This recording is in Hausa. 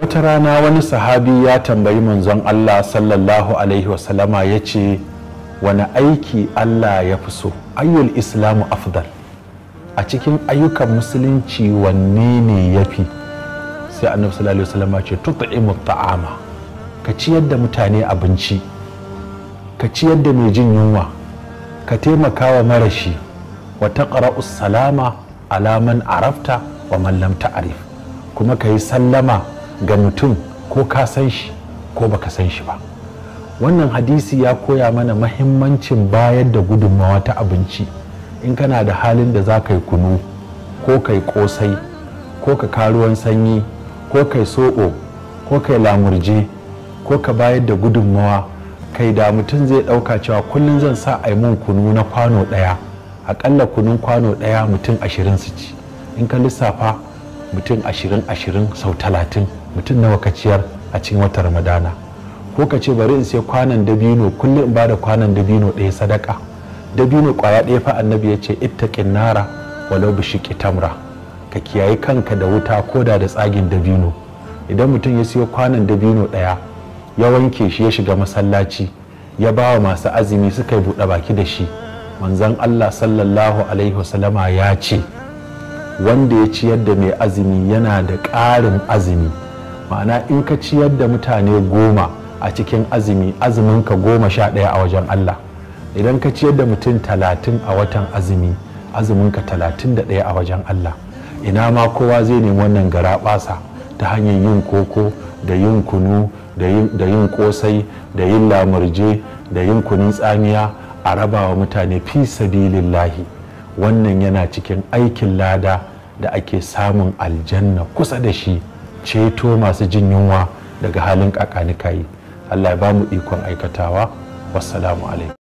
wata rana wani sahabi ya tambayi manzon Allah sallallahu alaihi wasallama ya ce wani aiki Allah ya fi so ayyul islamu afdal a cikin ayyukan musulunci wanne ne ya fi sai annabi sallallahu alaihi wasallama ce tut'imu ta'ama ka ciyar da mutane abinci ka ciyar da mai jin yunwa ka taimaka wa marashi wa taqra'u salama alaman arafta wa Mallam lam kuma ka yi sallama ga mutum ko ka san shi ko baka san shi ba wannan hadisi ya koya mana mahimmancin bayar da gudunmawa ta abinci in kana da halin da za ka yi kunu ko ka yi kosai ko ka karuwan sanyi ko kai soɓo ko kai lamurje ko ka bayar da gudunmawa kai da mutum zai ɗauka cewa kullum zan sa a yi mun kunu na kwano ɗaya aƙalla kunun kwano ɗaya mutum ashirin su ci in ka lissafa mutum ashirin ashirin sau talatin mutum nawa ka ciyar a cikin watan ramadana ko ka ce bari in sai kwanan dabino kullum in bada kwanan dabino ɗaya sadaka dabino kwaya ɗaya fa annabi ya ce ittaqin nara walau bi shiqi tamra ka kiyayi kanka da wuta ko da tsagin dabino idan mutum ya siyo kwanan dabino ɗaya ya wanke shi ya shiga masallaci ya ba wa masu azumi suka yi buɗe baki da shi manzon Allah sallallahu alaihi wasallama ya ce wanda ya ciyar da mai azumi yana da ƙarin azumi ma'ana in ka ciyar da mutane goma a cikin azumi azumin goma sha ɗaya a wajen Allah idan ka ciyar da mutum talatin a watan azumi azumin talatin da ɗaya a wajen Allah ina ma kowa zai nemi wannan gara ɓasa ta hanyar yin koko da yin kunu da yin kosai da yin lamurje da yin kunun tsamiya a raba wa mutane fi sabilillahi wannan yana cikin aikin lada da ake samun aljanna kusa da shi ceto masu jin yunwa daga halin kakanikayi Allah ya ba mu ikon aikatawa wassalamu alaikum